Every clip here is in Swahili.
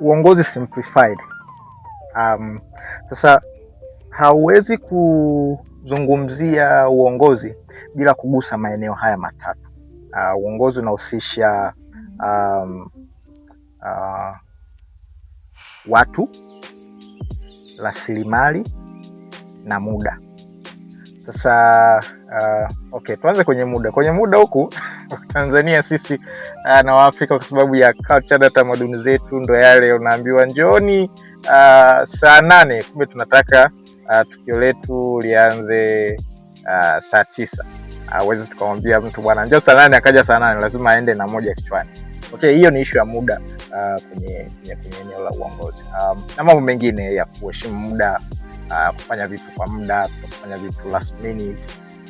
uongozi simplified. Um, sasa hauwezi kuzungumzia uongozi bila kugusa maeneo haya matatu. Uh, uongozi unahusisha um, uh, watu, rasilimali na muda. Sasa uh, okay, tuanze kwenye muda. Kwenye muda huku Tanzania sisi ah, na Waafrika kwa sababu ya culture na tamaduni zetu, ndo yale unaambiwa njoni uh, ah, saa nane, kumbe tunataka uh, tukio letu lianze uh, saa tisa. Awezi uh, tukamwambia mtu bwana njo saa nane akaja saa nane, lazima aende na moja kichwani. Okay, hiyo ni ishu ya muda uh, kwenye eneo la uongozi um, na mambo mengine ya kuheshimu muda uh, kufanya vitu kwa muda, kufanya vitu last minute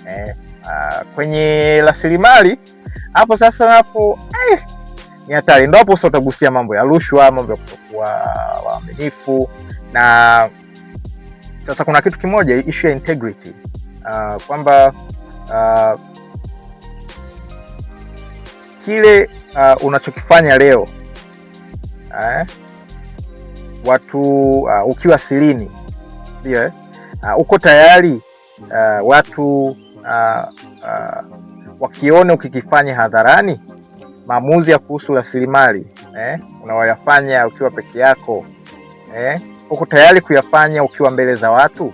eh, uh, kwenye rasilimali hapo sasa, hapo eh, ni hatari. Ndo hapo sasa utagusia mambo ya rushwa, mambo ya kutokuwa waaminifu. Na sasa kuna kitu kimoja, issue ya integrity uh, kwamba uh, kile uh, unachokifanya leo eh, watu uh, ukiwa silini ndio eh, uh, uko tayari uh, watu uh, uh, wakione ukikifanya hadharani. Maamuzi ya kuhusu rasilimali eh, unaoyafanya ukiwa peke yako eh, uko tayari kuyafanya ukiwa mbele za watu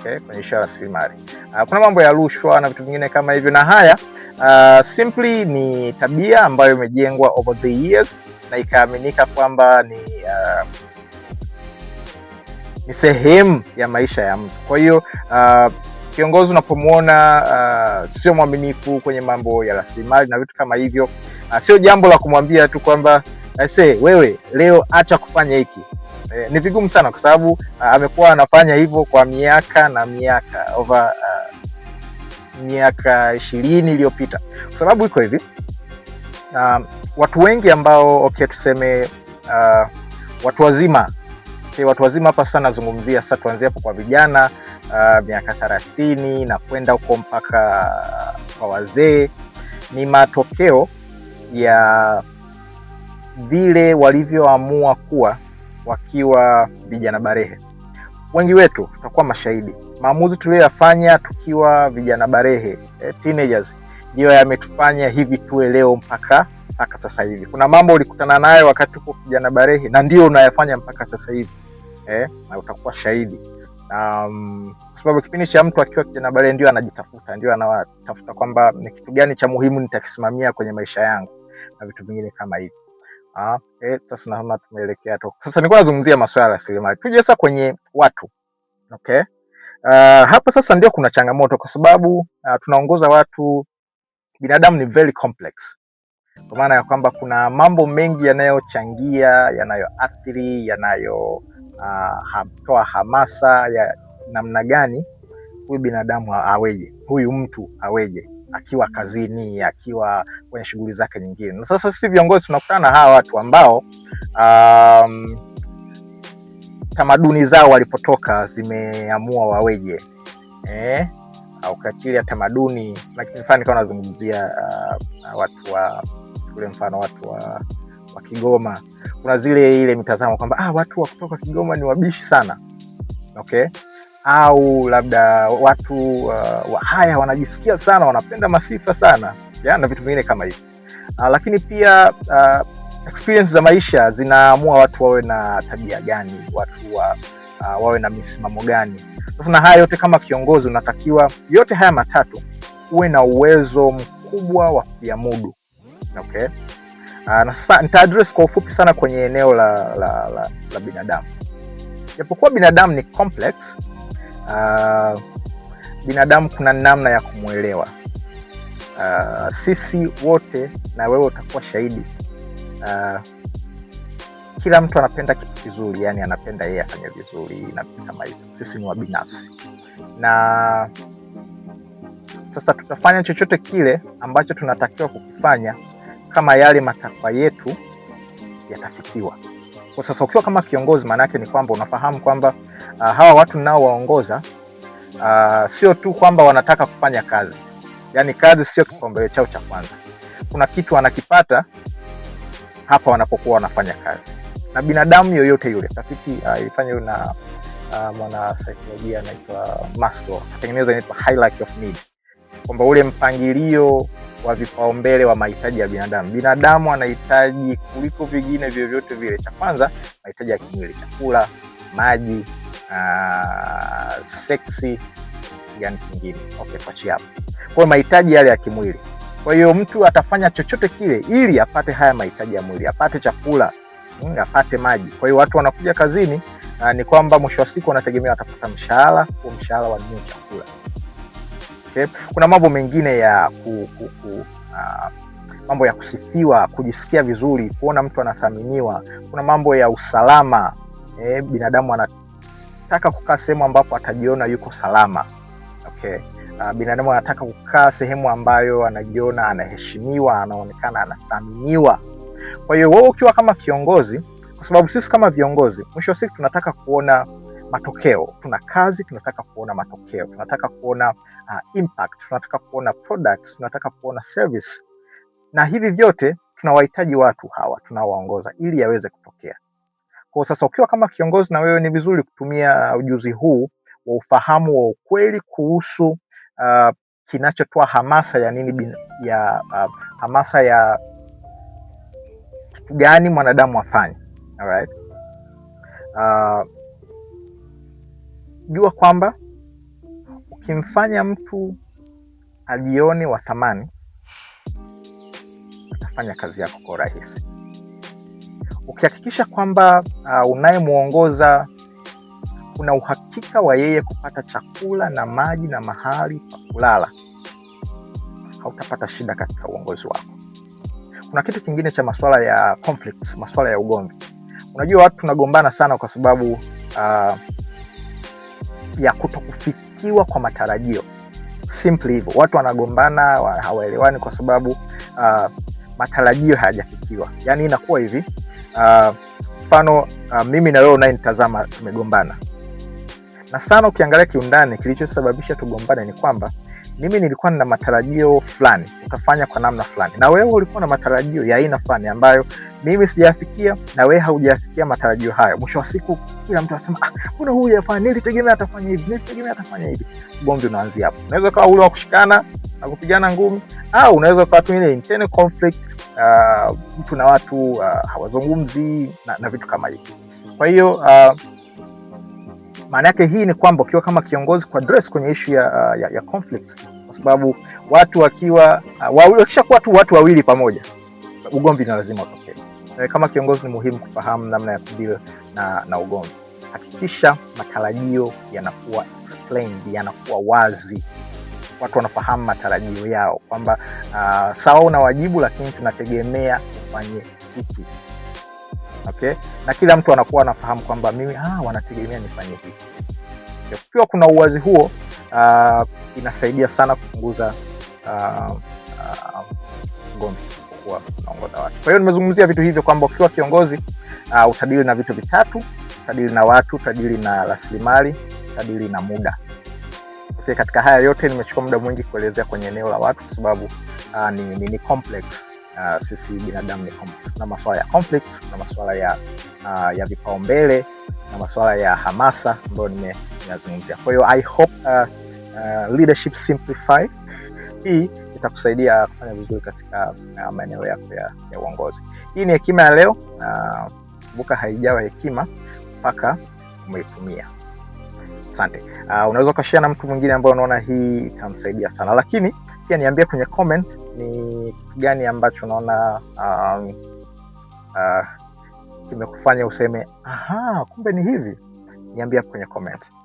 okay, kwenye isha rasilimali. Ah, kuna mambo ya rushwa na vitu vingine kama hivyo, na haya uh, simply ni tabia ambayo imejengwa over the years na ikaaminika kwamba ni uh, ni sehemu ya maisha ya mtu. Kwa hiyo uh, Kiongozi unapomwona uh, sio mwaminifu kwenye mambo ya rasilimali na vitu kama hivyo uh, sio jambo la kumwambia tu kwamba uh, se wewe leo acha kufanya hiki eh, ni vigumu sana kwa sababu uh, amekuwa anafanya hivyo kwa miaka na miaka over uh, miaka ishirini iliyopita kwa sababu iko hivi uh, watu wengi ambao okay, tuseme uh, watu wazima okay, watu wazima hapa sana nazungumzia sa tuanzie hapo kwa vijana Uh, miaka uh, thelathini na kwenda huko mpaka kwa wazee, ni matokeo ya vile walivyoamua kuwa wakiwa vijana barehe. Wengi wetu tutakuwa mashahidi, maamuzi tuliyoyafanya tukiwa vijana barehe eh, teenagers ndiyo yametufanya hivi tuwe leo mpaka mpaka sasa hivi. Kuna mambo ulikutana nayo wakati uko kijana barehe na ndio unayafanya mpaka sasa hivi eh, na utakuwa shahidi um, kwa sababu kipindi cha mtu akiwa kijana bale ndio anajitafuta, ndio anatafuta kwamba ni kitu gani cha muhimu nitakisimamia kwenye maisha yangu na vitu vingine kama hivi. Ah, eh, sasa naona tumeelekea tu. Sasa nilikuwa nazungumzia masuala ya rasilimali. Tuje sasa kwenye watu. Okay? Uh, hapo sasa ndio kuna changamoto kwa sababu uh, tunaongoza watu, binadamu ni very complex kwa maana ya kwamba kuna mambo mengi yanayochangia, yanayoathiri, yanayo, yanayo, changia, athiri, yanayo uh, toa hamasa ya namna gani huyu binadamu aweje, huyu mtu aweje akiwa kazini, akiwa kwenye shughuli zake nyingine. Na sasa sisi viongozi tunakutana na hawa watu ambao um, tamaduni zao walipotoka zimeamua waweje eh? Ukiachilia tamaduni, fani kama nazungumzia uh, watu wa kule, mfano watu wa wa Kigoma, kuna zile ile mitazamo kwamba ah, watu wa kutoka Kigoma ni wabishi sana okay? au labda watu uh, Wahaya wanajisikia sana, wanapenda masifa sana ya, na vitu vingine kama hivi uh, lakini pia uh, experience za maisha zinaamua watu wawe na tabia gani, watu wa, uh, wawe na misimamo gani. Sasa na haya yote, kama kiongozi unatakiwa yote haya matatu uwe na uwezo mkubwa wa kuyamudu okay? Ah, na sasa nita address kwa ufupi sana kwenye eneo la, la, la, la binadamu. Japokuwa binadamu ni complex, uh, binadamu kuna namna ya kumwelewa. Uh, ah, sisi wote na wewe utakuwa shahidi uh, kila mtu anapenda kitu kizuri, yani anapenda yeye afanye vizuri na kama hivyo. Sisi ni wabinafsi, na sasa tutafanya chochote kile ambacho tunatakiwa kukifanya kama yale matakwa yetu yatafikiwa. Kwa sasa ukiwa kama kiongozi, maana yake ni kwamba unafahamu kwamba uh, hawa watu ninaowaongoza uh, sio tu kwamba wanataka kufanya kazi, yaani kazi sio kipaumbele chao cha kwanza. Kuna kitu wanakipata hapa wanapokuwa wanafanya kazi, na binadamu yoyote yule. Tafiti ilifanywa ah, uh, na uh, saikolojia anaitwa Maslow, atengeneza inaitwa hierarchy of need kwamba ule mpangilio wa vipaumbele wa mahitaji ya binadamu. Binadamu anahitaji kuliko vingine vyovyote vile, cha kwanza mahitaji ya kimwili, chakula, maji, uh, seksi, yani kingine. Okay, tuachie hapo. Kwa mahitaji yale ya kimwili. Kwa hiyo mtu atafanya chochote kile ili apate haya mahitaji ya mwili, apate chakula, mm, apate maji. Kwa hiyo watu wanakuja kazini, uh, ni kwamba mwisho wa siku wanategemea atapata mshahara, huo mshahara wanunue chakula okay? Kuna mambo mengine ya ku, ku, ku, uh, mambo ya kusifiwa, kujisikia vizuri, kuona mtu anathaminiwa. Kuna mambo ya usalama eh, binadamu anataka kukaa sehemu ambapo atajiona yuko salama okay. Uh, binadamu anataka kukaa sehemu ambayo anajiona anaheshimiwa, anaonekana anathaminiwa. Kwa hiyo wewe ukiwa kama kiongozi, kwa sababu sisi kama viongozi mwisho wa siku tunataka kuona matokeo. Tuna kazi, tunataka kuona matokeo, tunataka kuona uh, impact, tunataka kuona products, tunataka kuona service, na hivi vyote tunawahitaji watu hawa tunaowaongoza ili yaweze kutokea. Kwa sasa, ukiwa kama kiongozi na wewe, ni vizuri kutumia ujuzi huu wa ufahamu wa ukweli kuhusu uh, kinachotoa hamasa ya nini bin, ya uh, hamasa ya kitu gani mwanadamu afanye. Alright. Uh, jua kwamba ukimfanya mtu ajione wa thamani, atafanya kazi yako kwa urahisi. Ukihakikisha kwamba uh, unayemwongoza kuna uhakika wa yeye kupata chakula na maji na mahali pa kulala, hautapata shida katika uongozi wako. Kuna kitu kingine cha maswala ya conflicts, ya ugomvi. Unajua watu tunagombana sana kwa sababu uh, ya kutokufikiwa kwa matarajio. Simply hivyo, watu wanagombana, hawaelewani kwa sababu uh, matarajio hayajafikiwa. Yani inakuwa hivi uh, mfano uh, uh, mimi na wewe unayenitazama tumegombana, na sana ukiangalia kiundani, kilichosababisha tugombane ni kwamba mimi nilikuwa na matarajio fulani, utafanya kwa namna fulani, na wewe ulikuwa na matarajio ya aina fulani ambayo mimi sijayafikia na wewe haujayafikia matarajio hayo. Mwisho wa siku, kila mtu anasema ah, mbona huyu hajafanya, nilitegemea atafanya hivi, nilitegemea atafanya hivi. Ugomvi unaanzia hapo. Unaweza ukawa ule wa kushikana na kupigana ngumi, au unaweza ukawa tu ile internal conflict, uh, mtu na watu uh, hawazungumzi na, na vitu kama hivi. Kwa hiyo uh, maana yake hii ni kwamba ukiwa kama kiongozi kwa dress kwenye ishu uh, ya, ya, ya conflict, kwa sababu watu wakiwa uh, wakishakuwa tu watu wawili pamoja, ugomvi ni lazima utokee. Eh, kama kiongozi ni muhimu kufahamu namna ya kudeal na, na ugomvi. Hakikisha matarajio yanakuwa explained, yanakuwa wazi, watu wanafahamu matarajio yao kwamba uh, sawa, una wajibu lakini tunategemea ufanye hiki okay? Na kila mtu anakuwa anafahamu kwamba mimi ah, wanategemea nifanye hivi. Kukiwa kuna uwazi huo, uh, inasaidia sana kupunguza uh, uh, kuwa unaongoza watu. Kwa hiyo nimezungumzia vitu hivyo kwamba ukiwa kiongozi uh, utadili na vitu vitatu, utadili na watu, utadili na rasilimali, utadili na muda. Okay, katika haya yote nimechukua muda mwingi kuelezea kwenye eneo la watu kwa sababu uh, ni, ni, ni complex uh, sisi binadamu ni Kuna masuala ya conflict, kuna masuala ya, uh, ya vipaumbele na masuala ya hamasa ambayo nimeyazungumzia. Kwa hiyo I hope uh, uh, leadership simplify hii itakusaidia kufanya vizuri katika uh, maeneo yako ya, ya uongozi. Hii ni hekima ya leo. Kumbuka uh, haijawa hekima mpaka umeitumia. Asante. Uh, unaweza ukashia na mtu mwingine ambaye unaona hii itamsaidia sana, lakini pia niambie kwenye comment ni kitu gani ambacho unaona um, uh, kimekufanya useme aha, kumbe ni hivi? Niambia kwenye comment.